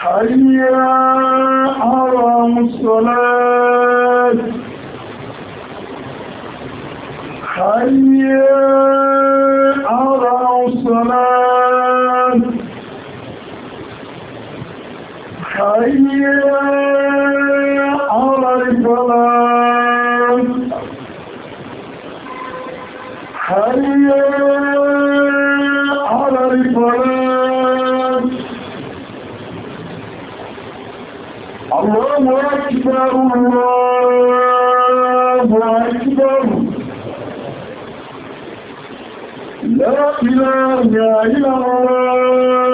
حيا حرام الصلاة حيا حرام الصلاة حيا على الفلاح حيا على الفلاح أكبر الله أكبر لا إله إلا الله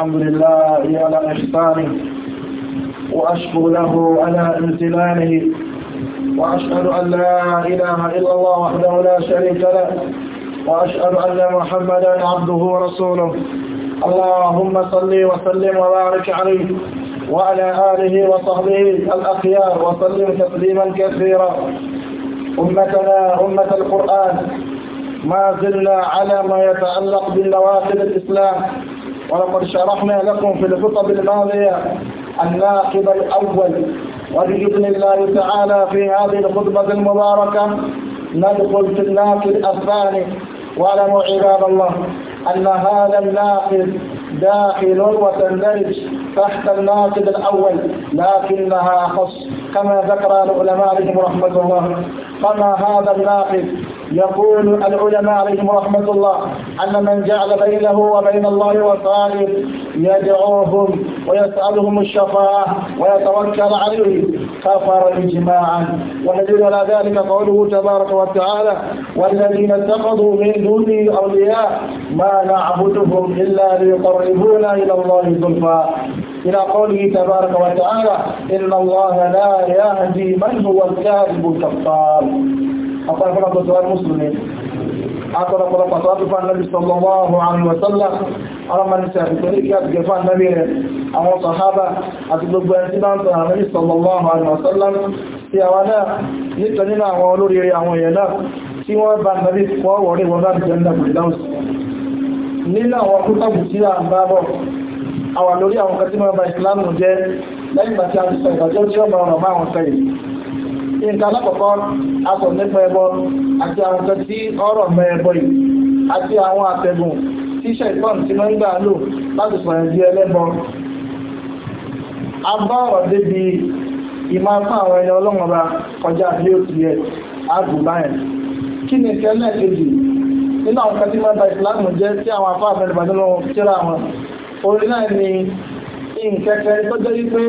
الحمد لله على إحسانه وأشكر له على امتنانه وأشهد أن لا إله إلا الله وحده لا شريك له وأشهد أن محمدا عبده ورسوله اللهم صل وسلم وبارك عليه وعلى آله وصحبه الأخيار وسلم تسليما كثيرا أمتنا أمة القرآن ما زلنا على ما يتعلق بالنواقل الإسلام ولقد شرحنا لكم في الخطب الماضية الناقب الأول وبإذن الله تعالى في هذه الخطبة المباركة ندخل في الناقب الثاني واعلموا عباد الله أن هذا الناقد داخل وتندرج تحت الناقد الأول لكنها أخص كما ذكر العلماء رحمة الله فما هذا الناقد يقول العلماء عليهم رحمة الله أن من جعل بينه وبين الله وصالب يدعوهم ويسألهم الشفاعة ويتوكل عليه كفر إجماعا ويدل على ذلك قوله تبارك وتعالى والذين اتخذوا من دونه أولياء ما نعبدهم إلا ليقربونا إلى الله زلفى إلى قوله تبارك وتعالى إن الله لا يهدي من هو الكاذب الكفار أطرق صلاة المسلمين أطرق صلاة صلاة النبي صلى الله عليه وسلم أرمى النساء بطريقة جفاء النبي أو صحابة أتبقى أنتنا النبي صلى الله عليه وسلم tí àwọn náà nítorí náà àwọn olóríire àwọn èèyàn náà tí wọ́n bá nàbí wọ́n wọ̀rí wọ́n bá jẹ́ ǹdà bùdáùsì nínú àwọn kútàbù tí a ń bá bọ̀ àwọn lórí àwọn kẹtí mọ́ bá ìsìlámù jẹ́ lẹ́yìn bá nǹkan alákọ̀ọ́kọ́ aṣọ nípa ẹbọ àti àwọn nǹkan tí ọ̀rọ̀ mọ ẹbọ yìí àti àwọn àtẹ̀gùn tí ṣẹ̀tọ́n ti máa ń gbà lò láti sọ̀rọ̀ di ẹlẹ́bọ. a bá ọ̀rọ̀ débi ìmọ̀ fún àwọn ẹni ọlọ́run ọba kọjá bí ó ti yẹ àgùnbáyẹn kí ni kẹ́lẹ́ kejì nínú àwọn kan tí máa ba ìsìláàmù jẹ́ tí àwọn afá àfẹnubà nínú kíra wọn orí náà ni ìǹkẹ́kẹ́ tó jẹ́ wípé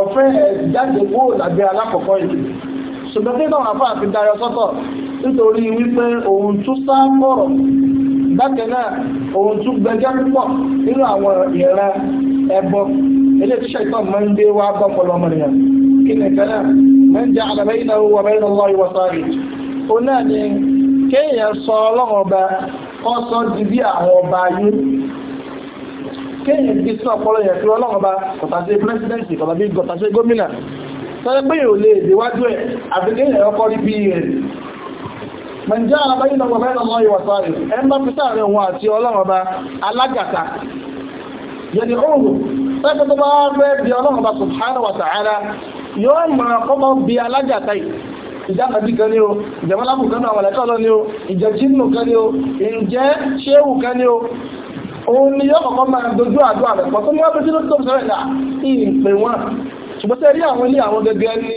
ọ̀fẹ́ jáde kúrò lábẹ́ alákọ̀ọ́kọ́ yìí ṣùgbọ́n tí náà àfáà fi darí ọsọ́tọ̀ nítorí wípé òun tún sá pọ̀rọ̀ bákan náà òun tún gbẹjẹ́ púpọ̀ nínú àwọn ìran ẹbọ ilé tíṣẹ́ ìtàn máa ń gbé wá bọ́pọ̀lọ́ ọmọnìyàn kí ni kan náà máa ń jẹ́ àdàbẹ́ iná owó ọmọ iná lọ́wọ́ ìwọ sáré ó náà tọ́lẹ́ pé yóò lè déwájú ẹ̀ àfikẹ́ ìyẹ̀ ọkọ̀ rí bí rẹ̀ mẹ́jọ́ alábáyé lọ́wọ́ mẹ́rin lọ́wọ́ ìwọ̀sá rẹ̀ ẹ ń bá fi sáàrin òun àti ọlọ́run ọba alágàtà yẹni òun tẹ́kọ̀ subhanahu wa ta'ala yóò mọ̀ ọkọ̀ bí alágàtà yìí ìjábàbí kan ní o ìjẹ̀mọ́lápù kan náà wàlẹ́kọ́ lọ ní o ìjẹ̀jínú kan ní o ìjẹ́ ṣéwù kan ní o òun ni yóò kọ̀kọ́ máa dojú àdúrà rẹ̀ pọ̀ tó ní wọ́n fi sínú tó sọ́rẹ̀ náà ìpè wọn ṣùgbọ́n tẹ́ rí àwọn ilé àwọn gẹ́gẹ́ ní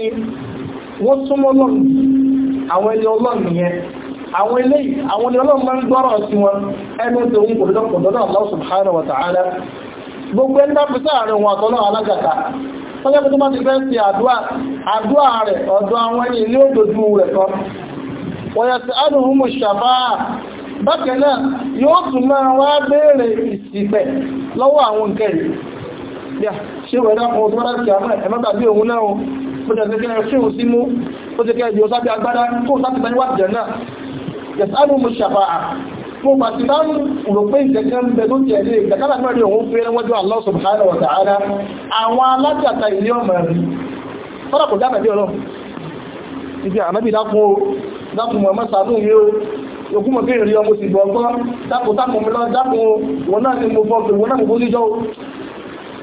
wọ́n súnmọ́ lọ́nà àwọn ilé ọlọ́run yẹn àwọn ilé àwọn ilé ọlọ́run máa ń gbọ́rọ̀ sí wọn ẹni tó ń kò lọ́pọ̀ lọ́nà gbogbo ẹni náà fi sáàrin wọn àtọ́nà alágàta tó ti fẹ́ sí àdúrà rẹ̀ ọ̀dọ̀ àwọn ẹni ilé òdòdó kan wọ́n yẹ sí bákan náà yóò tún ṣe wẹ̀dá kan tó bára kí àmà ẹ̀mọ́gbà bí òun náà ó jẹ́ kẹ́ ṣe ò sí mú ó jẹ́ kẹ́ ìjọ sábẹ́ agbára tó sáti bá níwájú jẹ̀ náà yẹ̀sánú mu ṣàfà à mo bà ti bá ń rò pé ìjẹ̀kẹ́ ń bẹ tó Allah subhanahu wa ta'ala àwọn alájàta ilé ọmọ rí fọ́nà kò dábẹ̀ bí ọlọ́ ibi ànábì dákun o dákun mọ̀ mọ́sánú yìí o òkú mọ̀ bẹ́ẹ̀ rí ọmọ sì bọ̀ ọgbọ́n dákun dákun mi lọ dákun o wọn náà ni mo bọ́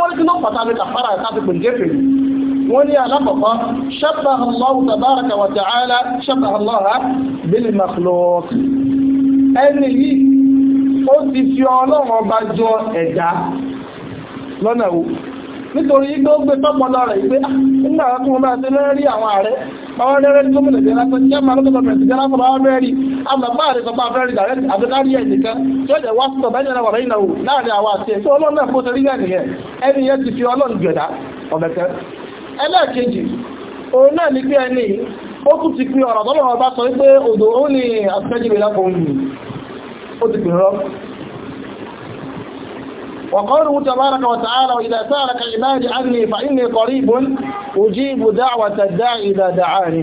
wọ́n kí ló pàtàkì kàfàrà láti pè jẹ́fẹ̀ wọ́n ní alákọ̀ọ́kọ́ ṣẹ́fà allahu tabaraka wa ta'ala ṣẹ́fà allaha bil makhluq ẹni yìí ó ti fi ọlọ́run ọba jọ ẹ̀dá lọ́nà wo nítorí yí tó gbé tọ́pọ̀lọ́ rẹ̀ pé ah, nígbà wọn kí wọn bá ti lẹ́rí àwọn ààrẹ alàmà àrẹ́sọ̀pá abẹ́rẹ́ ìdàrẹ́ àbẹ́kárí ẹ̀ nìkan tí ó jẹ́ wá sọ̀tọ̀ bẹ́ẹ̀ náà wọ̀rẹ́ ìnáwó láàrin àwa àti ẹ̀ tó ọlọ́run náà kó torí náà nìyẹn ẹni yẹn ti fi ọlọ́run gbẹ̀dá ọ̀mẹ̀kẹ́ ẹlẹ́ẹ̀kejì òun náà ní pé ẹni ó tún ti pin ọ̀rọ̀ tọ́lọ́run ọba sọ pé odò ó ní àtẹ́jìlẹ̀ lápòun yìí ó ti pin rọ́ وقوله تبارك وتعالى وإذا سألك عبادي عني فإني قريب أجيب دعوة الداعي إذا دعاني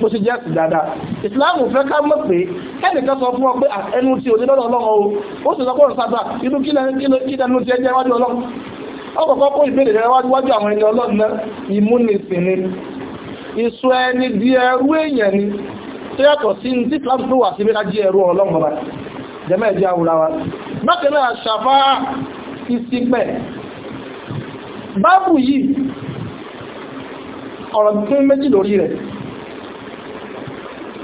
bó ṣe jẹ́ ẹ̀sìn dáadáa ìsìláàmù fẹ́ ká mọ̀ pé ẹnìkan sọ fún ọ pé ẹnu tí òní lọ́dọ̀ ọlọ́run o ó sì sọ pé òun sábà inú kí lẹ́nu tí ẹ jẹ́ iwájú ọlọ́run ọkọ̀ọ̀kọ́ kó ìbéèrè rẹ wájú àwọn ẹni ọlọ́run náà ìmúnisìn ni ìsọ ẹni di ẹrú èèyàn ni tó yàtọ̀ sí ní islam tó wà sí bí kájí ẹrú ọlọ́run bàbá jẹ́mẹ́ ẹ̀jẹ̀ àwùrá wa bákan náà ṣàfá ìsìnkẹ́ báàbù yìí ọ̀rọ̀ tó méjì lórí rẹ̀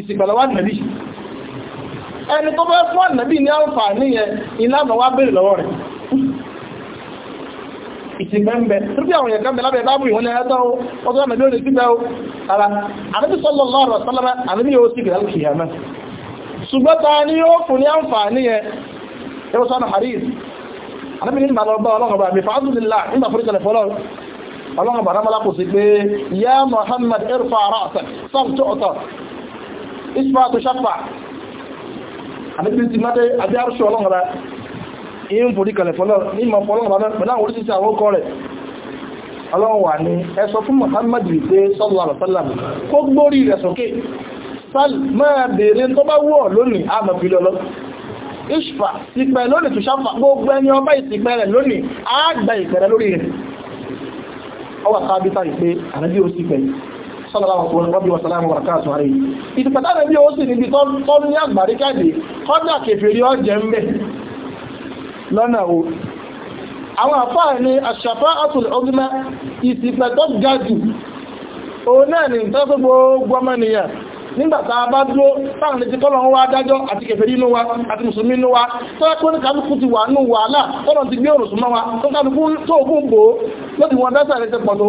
ìsìnkọ̀lọ́ wà nàbí ẹni tó fẹ́ fún ànàbí ní àǹfààní yẹn iná àmà wá bèèrè lọ́wọ́ rẹ̀ ìsìnkẹ́mbẹ̀ tóbi àwọn èèyàn kẹ́mbẹ̀ lábẹ́ báàbù ìwọ́n ẹ̀ẹ́tọ́ ọjọ́ ànàbí òní síbẹ̀ ó ara ànàbí sọ́lọ́ lọ́rọ̀ ìṣúra tó ṣàpà àbíbí ti máa dé àbí àrùsù ọlọ́run rẹ̀ ìyí forí kalẹ̀ fọ́lọ́ ní ìmọ̀ fọ́lọ́run rẹ̀ pẹ̀lú àwọn oríṣiríṣi àwọn ọkọ rẹ̀ ọlọ́run wà ní ẹ sọ fún Muhammad pé sallallahu alaihi wasallam kó gbórí rẹ̀ sókè sal máa bèèrè tó bá wọ̀ lónìí àmọ̀ fi lọ́lọ́ ìṣfà ìpẹ̀ lónìí tó ṣàfà gbogbo ẹni ọba ìsìnkẹ́ rẹ̀ lónìí àgbà ìpẹ̀rẹ̀ lórí rẹ̀ ọwà sábítà ìpé àrẹ́bí ó sì pẹ̀lú sọ́lọ́lọ́wọ́ àwọn àfáà ní àṣàfá àtùlẹ̀ ọdúnmá ìsìnkà tó ga jù òun náà ni tó tó gbogbo ọmọnìyàn nígbàtà bá dúró táwọn lè ti kọ́lọ̀ ń wá dájọ́ àti kèfèrí inú wa àti mùsùlùmí inú wa tó ẹ́kọ́ ní kálukú ti wà ní wàhálà tọ́lọ̀ ti gbé òrùsùn mọ́ wa tó kálukú tó òkú gbòó ló ti wọn bẹ́sẹ̀ rẹ̀ ti pọ̀ tó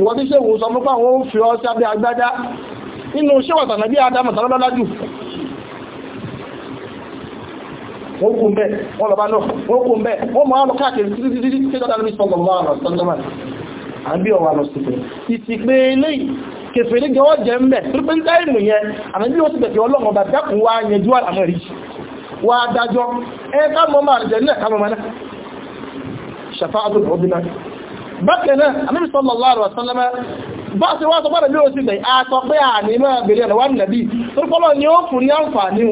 ìwọ́n tí ṣéwù sọ mú pàwọn ó fi ọ sí abẹ́ agbádá nínú ṣéwàtà nàbí adámọ̀ tàbí lájú wọ́n kún bẹ́ẹ̀ wọ́n lọ bá náà wọ́n kún bẹ́ẹ̀ wọ́n mọ̀ ánù káàkiri títí títí títí tọ́ta lórí sọ́gbọ̀n mọ́ àrùn sọ́gbọ̀n àbí ọ̀wà lọ sípẹ̀ ìsìnkú eléyìí kẹfẹ́ ní gẹ́wọ́ jẹ́ ń bẹ̀ pípẹ́ ń táìmù yẹn àmì bí ó ti bẹ̀kẹ́ ọlọ́run bá dákùn wá yẹjú àmọ́ rí wá dájọ́ ẹ ká mọ́ máa jẹ́ nílẹ̀ ká mọ́ máa náà ṣàfáà bákan náà anábì sallallahu alaihi wasallam bá ṣe wá sọ pẹ́rẹ̀ bí ó sì tẹ̀yí a sọ pé àní máa bèèrè ọ̀nà wà nàbí tó fọ́lọ̀ ni ó fún ní àǹfààní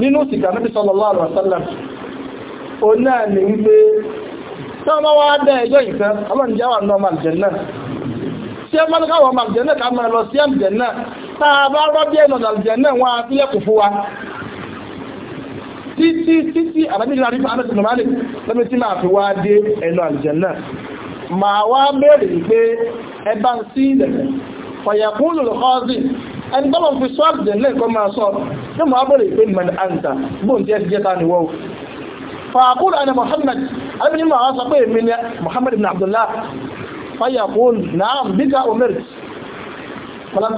nínú sìgá anábì sallallahu alaihi wasallam ó náà ní wípé tí wọ́n wá dá ẹjọ́ ìfẹ́ ọlọ́run jẹ́ títí títí àbájáde àríkà àbẹ̀tì normali lọ́mí tí máa fi wá dé ẹnu àlùjánnà máa wá bẹ̀rẹ̀ pé ẹbá ń sí ilẹ̀ fọ̀yẹ̀kún lòlùkọ́ọ̀sì ẹni tọ́lọ̀ fi sọ àlùjánnà kọ́ máa sọ ní máa bẹ̀rẹ̀ pé mẹ́ni àǹtà bóun jẹ́ jẹ́ ta nìwọ́ fàákùn àni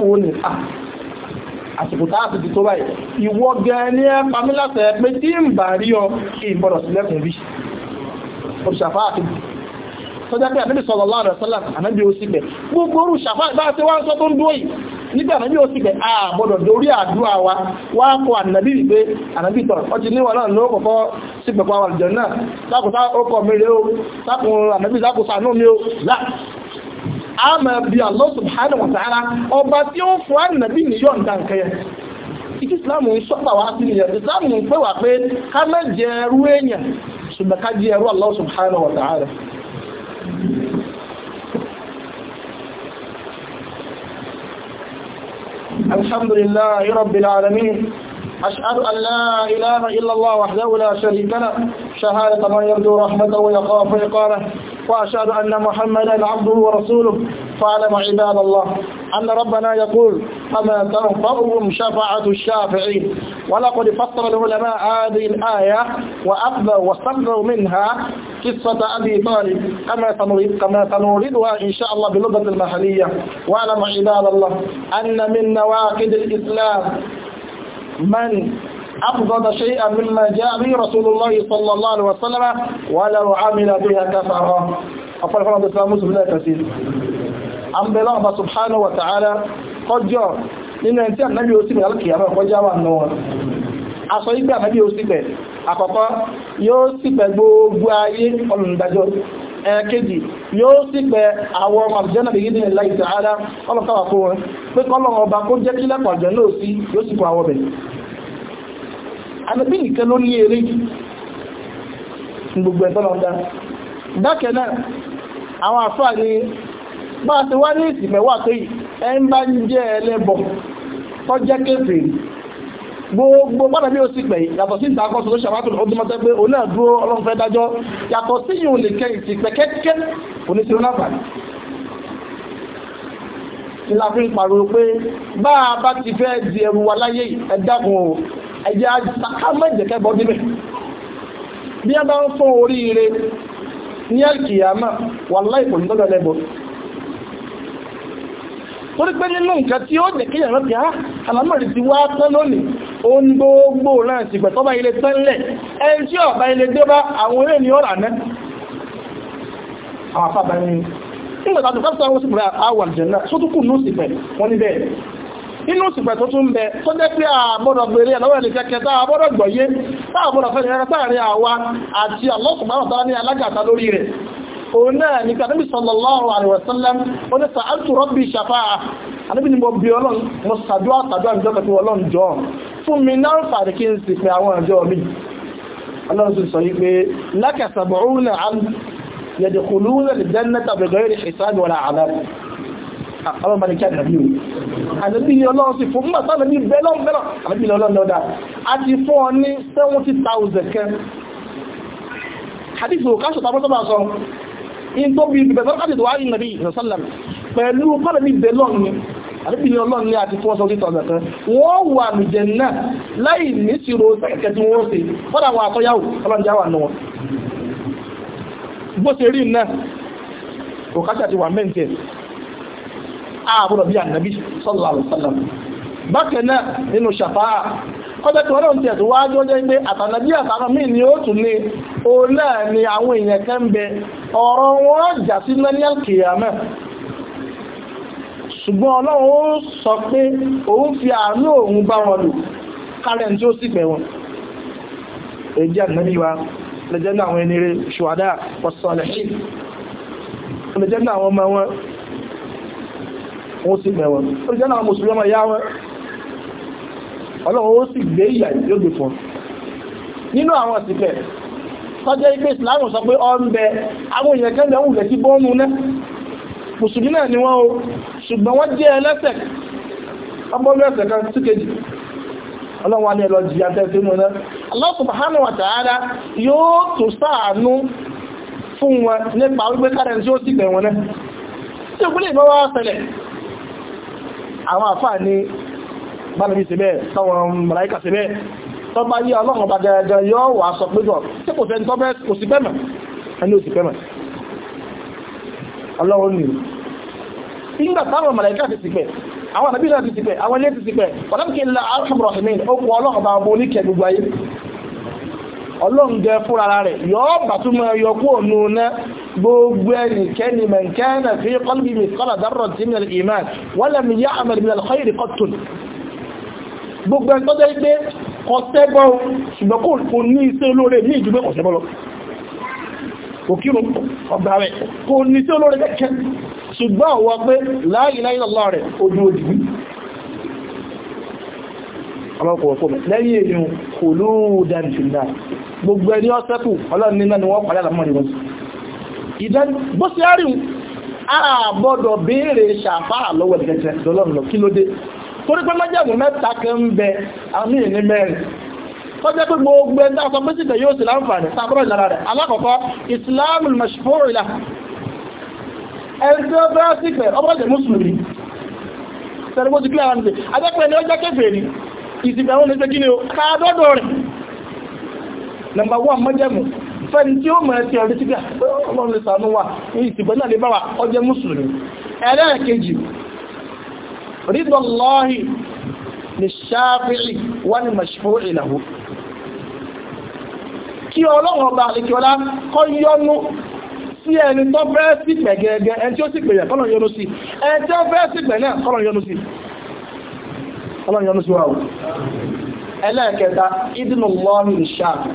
Muhammad ah àsìkò tá àti tó báyìí ìwọ gan ní ẹ pamí láti ẹ pé tí ń bà rí ọ kí n bọ̀rọ̀ sílẹ̀kùn bí òṣàfà àti tọ́jà pé ànábì sallallahu alaihi wasallam ànábì ó sì bẹ̀ gbogbo orú ṣàfà bá ti wá ń sọ tó ń dúró yìí nígbà ànábì ó sì bẹ̀ àbọ̀dọ̀ dorí àdúrà wa wá kọ ànábì wípé ànábì tọ̀rọ̀ ọtí níwọ̀n náà ló kọ̀kọ́ sí pẹ̀pọ̀ àwọn àlùjọ náà sákòókò mi rè ó sákòó ànábì sákòó sànú a máa bi Allah subhanahu wa ta'ala ọba tí ó fún ànàbí níyọ̀ nǹkan kẹyẹ ìtí islam ń sọ́pà wá sí nìyẹn islam ń pè wá pé ká má jẹ ẹrú èèyàn ṣùgbọ́n ká jẹ ẹrú Allah subhanahu wa ta'ala الحمد لله رب العالمين أشهد أن لا إله إلا الله وحده لا شريك له شهادة من يرجو رحمته ويخاف إقامة وأشهد أن محمدا عبده ورسوله فاعلم عباد الله أن ربنا يقول فما تنفعهم شفاعة الشافعين ولقد فطر العلماء هذه الآية وأخذوا وصدروا منها قصة أبي طالب كما كما سنوردها إن شاء الله باللغة المحلية واعلم عباد الله أن من نواقض الإسلام من أبغض شيئا مما جاء به رسول الله صلى الله عليه وسلم ولو عمل بها كفر أفضل فرد الإسلام مسلم لا كثير أم بالله سبحانه وتعالى قد جاء nínú ẹni tí ànábí ó síbẹ̀ alkìyàmọ̀ kọjá wà náà wọn aṣọ ìgbà ànábí ó síbẹ̀ àkọ́kọ́ yóò síbẹ̀ gbogbo ayé ọlùndájọ́ ẹ̀ẹ́kejì yóò síbẹ̀ àwọn ọmọ àbújẹ́nà bí gídí nílá ìtàhálà ọlọ́kàwà fún wọn pé kọ́lọ̀ ọba kó jẹ́ kílẹ̀kọ̀ àjọ náà sí yóò sípò àwọn ọbẹ̀ ànábì nìkan ló ní eré gbogbo ẹ̀tọ́lọ̀ dá dákẹ́ náà àwọn àfáà ni bá ti wá ní ìsìnmẹ̀wà tó yìí ẹn bá ń jẹ́ ẹlẹ́bọ̀ tó jẹ́ kéfè gbogbo padà bí ó sì pẹ̀ yàtọ̀ sí ìta akọ́sọ̀ tó ṣàwátò ọdún mọ́tẹ́ pé òun náà dúró ọlọ́run fẹ́ dájọ́ yàtọ̀ sí yìí òun lè kẹ́ ìsìnpẹ̀ kẹ́kẹ́ kò ní sí ló náà ti la fi ń pariwo pé bá a bá ti fẹ́ di ẹrù wa láyé ẹ̀dá kan ẹ̀yẹ àtàkámọ́ ìjẹ̀kẹ́ bọ́ níbẹ̀ bí a bá ń fún oríire ní àkìyàmá wà láìpò ní lọ́dọ̀ lẹ́bọ̀ torí pé nínú nǹkan tí ó jẹ́ kíyàn rántí á ah, alámọ̀rí ti wá tán lónìí ó ń gbogbo náà sì gbẹ̀tọ́ bá ilé tẹ́lẹ̀ ẹni tí ọ̀bá ilé dé bá àwọn eré ni ó rà náà àwọn afábá ní nígbàtà tó kásìtà wọn sì pẹ̀lú àwọn àjẹ̀ náà sótúkù ní ó inú ìsìnkú tó tún bẹ tó jẹ́ pé àbọ̀dọ̀ gbèrè ẹ̀lọ́wọ́ ẹni kẹ́kẹ́ tá àbọ̀dọ̀ gbọ̀yé tá àbọ̀dọ̀ fẹ́ nìyẹn sáàrin àwa àti alọ́sùnmáwọ̀tá ní alágàtà lórí rẹ̀ òun náà ní kàdébì sallallahu alaihi wasallam ó ní ọlọ́run bá ní kí àdàbí o àdàbí ilé ọlọ́run sì fún mọ̀ sáàdàbí bẹ́lọ́n bẹ́lọ́n àdàbí ilé ọlọ́run lọ́dà a ti fún ọ ní 70,000 kẹ́ hadith òkà ṣọ̀tà bọ́sọ́bà sọ in tó bí bẹ̀rẹ̀ káàdì tó wá rí nàbí ìrọ̀sálàm pẹ̀lú sáàdàbí bẹ́lọ́n ni àdàbí ilé ọlọ́run ní àti fún ọ sọ́dí tọ̀nà kan wọ́n wà lùjẹ̀ náà láì ní sírò kẹ̀kẹ́ tí wọ́n ṣe fọ́dà wọn àtọ́yàwó ọlọ́run jáwà nù wọn bó ṣe rí náà òkà ṣàti wà mẹ́ǹtẹ̀ àbúrò bí ànàbí sallallahu alaihi wasallam bákan náà nínú ṣàfáà kọ́jọ́ tí wọ́n náà ti ẹ̀tọ́ wá jọ́jọ́ pé àtànàbí àtàwọn míì ni ó tún ní òun ni àwọn èèyàn kan ń bẹ ọ̀rọ̀ wọn jà sí lẹ́nìyàn kìyàmẹ́ ṣùgbọ́n ọlọ́run ó sọ pé òun fi àánú òun bá wọn lò kárẹ̀ tí ó sì pẹ̀ wọn èjì ànàbí wa lẹ́jẹ́ náà àwọn ẹni rẹ̀ ṣùwádà ọ̀sọ̀lẹ̀ wọ́n si mẹ́wọn ó jẹ́ náà mùsùlùmí ọmọ ìyá wọn ọlọ́run ó sì gbé ìyà yóò gbé fún nínú àwọn ìsìnkẹ̀ tọ́jẹ́ ipé ìsìláàmù sọ pé ọ ń bẹ àwọn èèyàn kẹ́lẹ̀ ń wùlẹ̀ mùsùlùmí o wa ní ẹlọ jìyà tẹ́ sínú àwọn àfáà ní bánàbí sí bẹ́ẹ̀ táwọn màláíkà sí bẹ́ẹ̀ tó bá yí ọlọ́run bá gẹ́gẹ́ yọ́ wà sọ pé jọ tí kò sẹ́ni tọ́bẹ́ kò sí pẹ́mẹ̀ ẹni ò sí pẹ́mẹ̀ ọlọ́run nìyí nígbà táwọn màláíkà sí pẹ́ àwọn àbí náà ti pẹ́ àwọn ilé ti pẹ́ ọ̀dọ́mkì ńlá alhamdulilayi ó kọ ọlọ́run bá gbọ́ oníkẹ́ gbogbo ayé ọlọ́run jẹ fúnra rẹ̀ yọ́ bàtúmọ̀ yọkú ònú ná gbogbo ẹnikẹ́ni mẹ̀kẹ́nà fi qalbi mithqala darratin min al-iman wa lam ya'mal min al-khayri qattun gbogbo ẹni tọ́jẹ́ pé kọsẹ́bọ́ ṣùgbọ́n kò ní iṣẹ́ olóore ní ìjùgbé kọsẹ́bọ́ lọ òkírun ọgbà rẹ̀ kò ní iṣẹ́ olóore kẹ́kẹ́ ṣùgbọ́n wọ́n pé la ilaha illallah rẹ̀ ojú òdìbí ọlọ́kọ̀ọ́kọ́ lẹ́yìn èèyàn kò lóòdà nìfìdá gbogbo ẹni ọ́sẹ́kù ọlọ́run nínú ni wọ́n padà mọ́ ìwọ̀n ìdán bó sí àríwú àbọ̀dọ̀ béèrè ṣàfà lọ́wọ́ ìgẹ̀jẹ̀ lọ́lọ́run lọ kí ló dé torí pé májẹ̀mú mẹ́ta kan ń bẹ àmì ní mẹ́rin kọjá pé gbogbo ẹni dáhùn pé síta yóò sì láǹfààní sábúrò ìlara rẹ̀ alákọ̀ọ́kọ́ islam mashfur ìlà ẹni tí ó fẹ́ sí pé ọmọ ìjẹ̀ mùsùlùmí sẹ́ni bó ti kílẹ̀ ara nìyẹn adẹ́pẹ́ ni ó jẹ́ kéfèé ni ìsìnkú àwọn oníṣẹ́ kí ni ó ká dọ́dọ̀ rẹ̀ nọmba wà mọ́jẹ̀mù fẹ́ni tí ó mọ̀ ẹ́ tí ọdún tí ọlọ́run lè sànú wa ní ìsìnkú náà lè bá wa ọjẹ́ mùsùlùmí ẹlẹ́ẹ̀kejì rídọ̀lọ́hì ní ṣáfíì wọ́n ni mọ̀ṣífó ìlàwó kí sí ẹni tó fẹ́ sí pẹ̀ ẹni tí ó sì pẹ̀yẹ̀ kọ́lọ̀ yọnu sí ẹni tí ó fẹ́ sí pẹ̀ kọ́lọ̀ yọnu sí ọlọ́run yọnu sí wa o ẹlẹ́ẹ̀kẹta ìdínlọ́hì ní ṣáfíì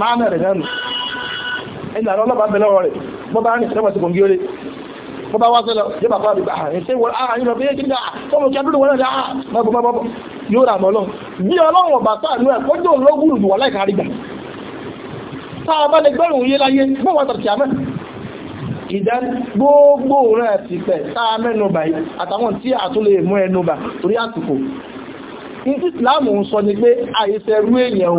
máàmì rẹ̀ dánù ẹni àwọn ọlọ́pàá bẹ̀lẹ̀ rẹ̀ bọ́ bá rìn sẹ́wọ̀n sí kò ń gíore bọ́ bá wá sẹ́lọ yóò bá pàdé bá ẹ̀ ṣe wọ́n àà yìí lọ bí ẹgbẹ́ ọmọ kí adúlù wọn náà dáa ah, bọ́bọ́ bọ́bọ́ yóò rà mọ́ lọ bí ọlọ́run ọ̀bà sáànú ẹ̀ kọjú ológun ìlú wà láìka àrígbà tá a bá lè gbẹ́rùn yé láyé bọ́ wọn tàbí àmẹ́ ìdá gbogbo rẹ̀ ti pẹ̀ tá a mẹ́nu bà yìí àtàwọn tí a tún lè mú ẹnu bà torí àsìkò ní Islam ń sọ ni pé àìsẹ̀rú èèyàn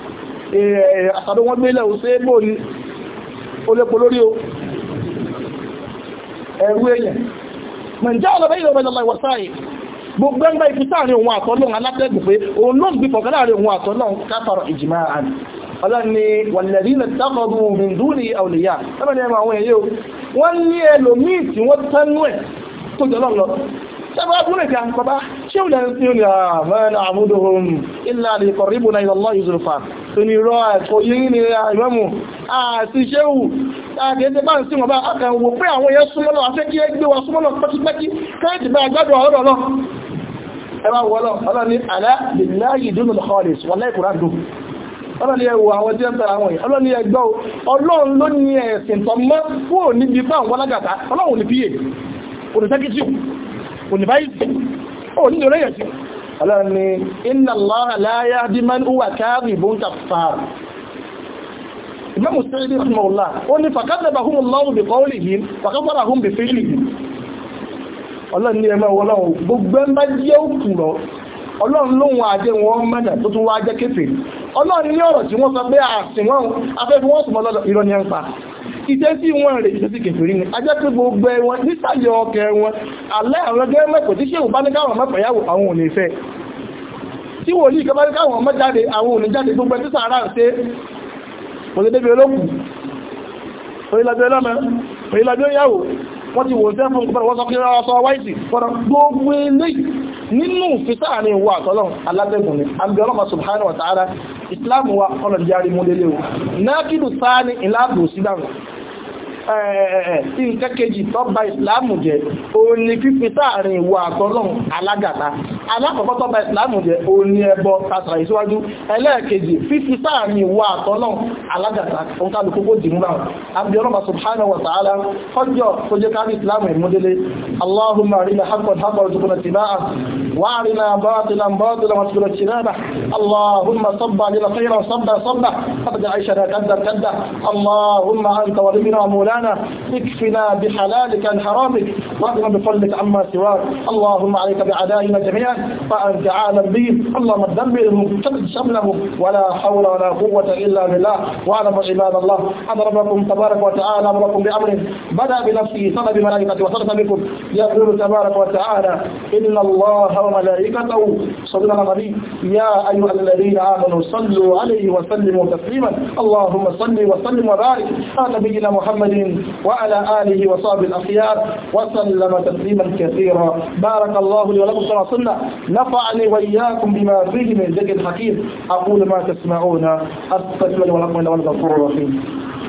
Eh, àtàdó wọ́n gbélẹ̀ ò sí bó ní olépo lórí o ẹ̀rú èyàn mẹ̀jẹ́ ọlọ́bẹ̀ ìlú ọmọ ìlọ́lá ìwọ̀sáyì gbogbo ẹgbẹ́ ibi sáàrin òun àtọ́lọ́run alátẹ́gùn pé òun ló ń gbí fọ̀kẹ́ láàrin òun àtọ́lọ́run káfàrọ̀ ìjìmá àmì ọlọ́ni wàlẹ̀rínà dákọ̀ọ́dù òmìnirí àwòlèyà ẹgbẹ̀rẹ̀ ẹmọ àwọn èyí o wọ́n ní ẹlòmíì tí wọ́n tánú ẹ̀ tó jọ lọ́lọ́ sẹ́gbẹ́ abúlé kan bàbá ṣé òun lẹ́yìn tí ó ní àmọ́ ah, ẹ̀ tó ní rọ ẹ̀kọ́ yìí ní ìmọ̀mù àti ṣéwù àgẹ́gẹ́ bá ń sí wọn bá àkànwò pé àwọn èèyàn súnmọ́ lọ afẹ́ kí ẹ gbé wọn súnmọ́ lọ pẹ́kípẹ́kí kẹ́ẹ̀tì bá gbádùn ọ̀rọ̀ lọ ẹwà wọlọ ọlọ́ ní àlá bìláyì dúnú lọ́kọ́lẹ̀ wọ́n lẹ́kùnrán dùn ọlọ́ ní ẹwù àwọn tí ó ń tara àwọn yìí ọlọ́ ní ẹgbọ́ ọlọ́run ló ní ẹ̀sìn tọ́ mọ́ kúrò níbi bá àwọn alágàtà ọlọ́run ní pa onísẹ́kítì oníbáyìí onídòrẹ́yẹ̀sì ọlọ́run ni inna Allaha la yahdi man huwa kadhibun kaffar Imam Sa'idi rahimahullah ó ní fakadhabahum Allahu bi qawlihim fakafarahum bi fi'lihim ọlọ́run ni ẹmọ ọlọ́run gbogbo ọlọ́run lóhun àjẹ wọn mẹ́nà tó tún wá jẹ́ kéfè ọlọ́run ní ọ̀rọ̀ tí wọ́n sọ pé àsìn ah, wọn afẹ́fẹ́ wọn sùn lọ́dọ̀ irọ́ ni ẹ̀ ń pa ìṣẹ́ sí wọn rè ìṣẹ́ sí kẹfìrí ni ajẹ́ pé gbogbo ẹwọn nísàlẹ̀ ọkẹ wọn alẹ́ àwọn ẹgbẹ́ mẹ́kọ̀ọ́ tí ṣéwù bá ní káwọn mẹ́fẹ̀yàwó àwọn ò ní fẹ́ tí wò ní ìkọba ní káwọn ọmọ jáde àwọn ò ní jáde gbogbo ẹ̀ tí sàárà ń ṣe kò lè débi olókùn orílẹ̀-èdè ọlọ́mọ orílẹ̀-èdè ìyàwó wọ́n ti wò ń sẹ́fún gbọ́nà wọ́n sọ kí wọ́n sọ wáìsì gbọ́nà gbogbo eléyìí nínú fitaani wa àtọ́lọ́ alábẹ́gùn ni abiyọ́lọ́mà subhanahu wa ta'ala islam wa ọlọ́díjárí múlélé o náà kí nǹkan kejì tó ba ìsìláàmù jẹ́ òun ni fífi sáàrin ìwọ àtọ́lọ́run alágàta alákọ̀ọ́kọ́ tó ba ìsìláàmù jẹ́ òun ni ẹbọ tàṣà ìṣíwájú ẹlẹ́ẹ̀kejì fífi sáàrin ìwọ àtọ́lọ́run alágàta òun kálukú kó dìmú náà àbí ọlọ́mà subhanahu wa ta'ala kọjọ kó jẹ́ kárí ìsìláàmù ìmúdélé allahumma arina haqqan haqqan warzuqna ittiba'ah wa arina batilan batilan warzuqna ijtinabah allahumma صب علينا خيرا صب صب قد عيشنا كدا كدا اللهم انت ولينا ومولانا سبحانه اكفنا بحلالك عن حرامك اللهم بفضلك عما سواك اللهم عليك باعدائنا جميعا فانت عالم به اللهم دمرهم شمله ولا حول ولا قوه الا بالله واعلموا عباد الله ان ربكم تبارك وتعالى امركم بامر بدا بنفسه صلى بملائكته وصلت بكم يقول تبارك وتعالى ان الله وملائكته صلى على النبي يا ايها الذين امنوا صلوا عليه وسلموا تسليما اللهم صل وسلم وبارك على نبينا محمد وعلى اله وصحبه الاخيار وسلم وسلم تسليما كثيرا بارك الله لي ولكم صلى الله نفعني وإياكم بما فيه من ذكر حكيم أقول ما تسمعون أستغفر ولكم إنه الغفور الرحيم